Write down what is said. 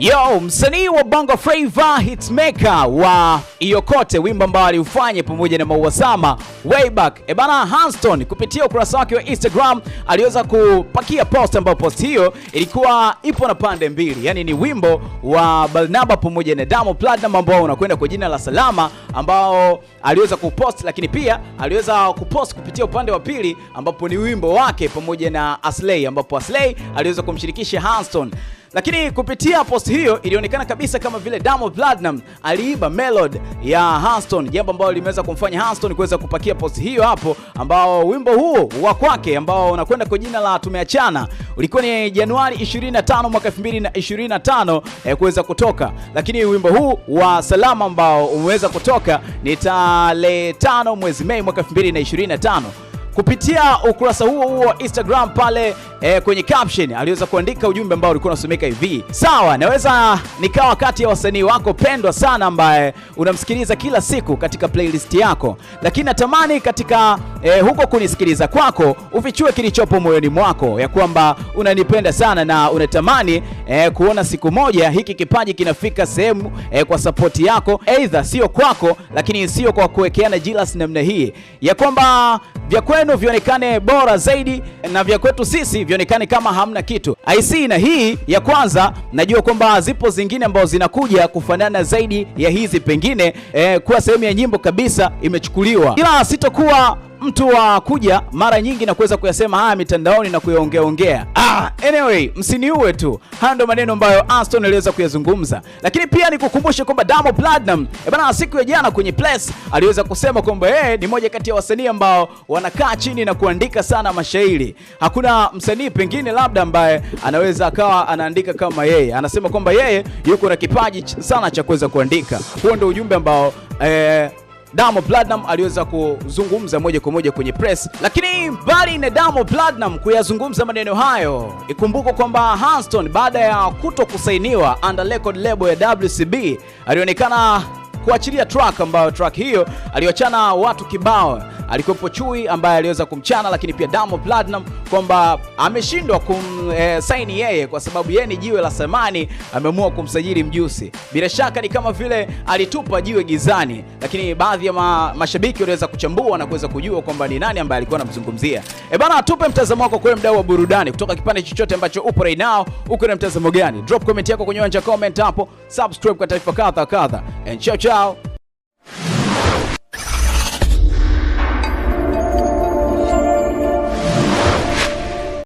Yo, msanii wa Bongo Flava hitmaker wa Iyokote wimbo ambao aliufanya pamoja na Maua Sama way back. Ebana Hanston kupitia ukurasa wake wa Instagram aliweza kupakia post ambayo post hiyo ilikuwa ipo na pande mbili, yaani ni wimbo wa Barnaba pamoja na Diamond Platnumz ambao unakwenda kwa jina la Salama ambao aliweza kupost, lakini pia aliweza kupost kupitia upande wa pili ambapo ni wimbo wake pamoja na Aslay ambapo Aslay aliweza kumshirikisha Hanston. Lakini kupitia post hiyo ilionekana kabisa kama vile Diamond Platnumz aliiba melody ya Haston, jambo ambalo limeweza kumfanya Haston kuweza kupakia post hiyo hapo, ambao wimbo huo wa kwake ambao unakwenda kwa jina la Tumeachana ulikuwa ni Januari 25 mwaka 2025 eh, kuweza kutoka, lakini wimbo huu wa Salama ambao umeweza kutoka ni tarehe 5 mwezi Mei mwaka 2025 kupitia ukurasa huo huo wa Instagram pale eh, kwenye caption aliweza kuandika ujumbe ambao ulikuwa unasomeka hivi: sawa, naweza nikawa kati ya wasanii wako pendwa sana ambaye unamsikiliza kila siku katika playlist yako, lakini natamani katika eh, huko kunisikiliza kwako ufichue kilichopo moyoni mwako, ya kwamba unanipenda sana na unatamani eh, kuona siku moja hiki kipaji kinafika sehemu eh, kwa sapoti yako, aidha sio kwako, lakini sio kwa kuwekeana jealous namna hii ya kwamba vya kwenu vionekane bora zaidi na vya kwetu sisi vionekane kama hamna kitu. I see, na hii ya kwanza najua kwamba zipo zingine ambazo zinakuja kufanana zaidi ya hizi pengine, eh, kuwa sehemu ya nyimbo kabisa imechukuliwa, ila sitokuwa mtu wa kuja mara nyingi na kuweza kuyasema haya mitandaoni na kuyaongeaongea. Ah, anyway, msiniue tu. Haya ndo maneno ambayo Aston aliweza kuyazungumza, lakini pia nikukumbushe kwamba Diamond e bana siku ya jana kwenye press aliweza kusema kwamba yeye eh, ni moja kati ya wasanii ambao wanakaa chini na kuandika sana mashairi. Hakuna msanii pengine labda ambaye anaweza akawa anaandika kama yeye. Anasema kwamba yeye yuko na kipaji sana cha kuweza kuandika. Huo ndio ujumbe ambao eh, Diamond Platnumz aliweza kuzungumza moja kwa moja kwenye press, lakini mbali na Diamond Platnumz kuyazungumza maneno hayo, ikumbuko kwamba hanston baada ya kuto kusainiwa under record label ya WCB alionekana kuachilia track ambayo track hiyo aliwachana watu kibao alikuwepo Chui ambaye aliweza kumchana, lakini pia Diamond Platinum kwamba ameshindwa kumsaini eh, e, yeye kwa sababu yeye ni jiwe la samani, ameamua kumsajili mjusi. Bila shaka ni kama vile alitupa jiwe gizani, lakini baadhi ya ma, mashabiki waliweza kuchambua na kuweza kujua kwamba ni nani ambaye alikuwa anamzungumzia. E bana, atupe mtazamo wako kwa mdau wa burudani kutoka kipande chochote ambacho upo right now, uko na mtazamo gani? Drop comment yako kwenye uwanja comment hapo, subscribe kwa taarifa kadha kadha, and chao chao.